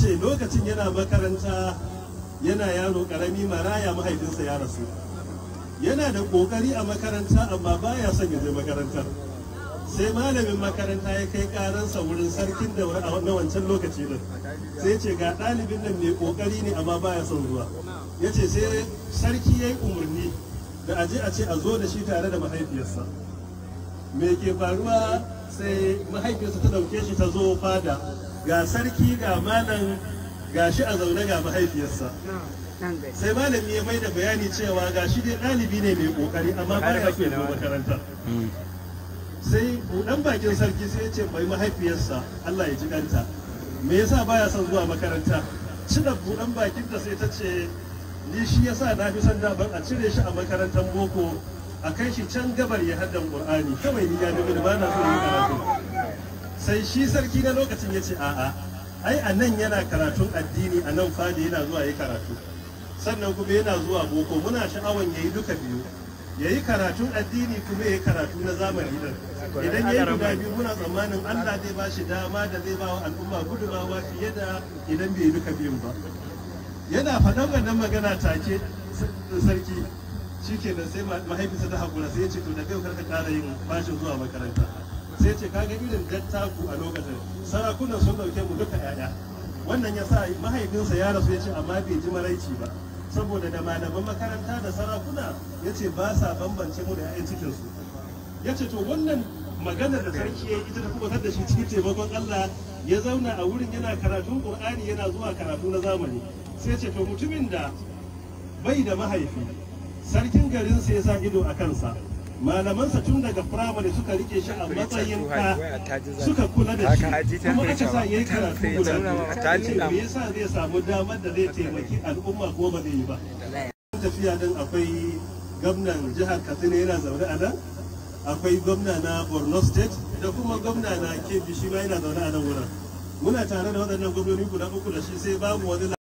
ce lokacin yana makaranta yana yaro karami maraya mahaifinsa ya rasu yana da kokari a makaranta amma baya son ya je makarantar sai malamin makaranta ya kai karansa wurin sarkin da na wancan lokaci din sai ce ga ɗalibin nan mai kokari ne amma baya son zuwa ya ce sai sarki ya yi umarni da aje a ce a zo da shi tare da mahaifiyarsa me ke faruwa sai mahaifiyarsa ta ɗauke shi ta zo fada ga sarki ga malam gashi a zaune ga mahaifiyarsa sai malami ya bai da bayani cewa gashi dai ɗalibi ne mai kokari amma ba ya so zo makaranta hmm. sai buɗan bakin sarki sai ya ce mai mahaifiyarsa Allah ya ji ɗanta me yasa baya son zuwa makaranta Cina buɗan bakinta sai ta ce ni shi yasa na fi son da ban a cire shi a makarantar boko a kai shi can gabar ya haddan ƙur'ani kawai ni ya daga da bana so yi karatu sai shi sarki na lokacin ya ce a'a ai a nan yana karatun addini a nan fadi yana zuwa yi karatu sannan kuma yana zuwa boko muna sha'awan ya yi duka biyu ya yi karatun addini kuma ya yi karatu na zamani nan, idan ya yi guda biyu muna tsammanin allah zai ba shi dama da zai ba wa al'umma gudumawa fiye da idan bai yi duka biyun ba yana faɗan wannan magana take sarki shi ke da sai mahaifinsa ta haƙura sai ce to daga yau karka ƙara yin bashin zuwa makaranta sai ce kaga irin dattaku a lokacin sarakunan sun ɗauke mu duka 'ya'ya wannan ya sa mahaifinsa ya rasu ya ce amma bai ji maraici ba saboda da malaman makaranta da sarakuna ya ce ba sa bambance mu da 'ya'yan cikinsu ya ce to wannan maganar da sarki ya ita ta kubutar da shi cikin taimakon Allah ya zauna a wurin yana karatun Qur'ani yana zuwa karatu na zamani sai ce to mutumin da bai da mahaifi sarkin garin sai ya sa ido a kansa malamansa tun daga firamare suka rike shi a matsayin ka suka kula da shi kuma aka sa yayi karatu guda me yasa zai samu damar da zai taimaki al'umma ko ba zai yi ba tafiya din akwai gwamnan jihar katsina yana zaune a nan akwai gwamna na borno state da kuma gwamna na kebbi shi ma yana zaune a nan wurin muna tare da waɗannan gwamnoni guda uku da shi sai babu wani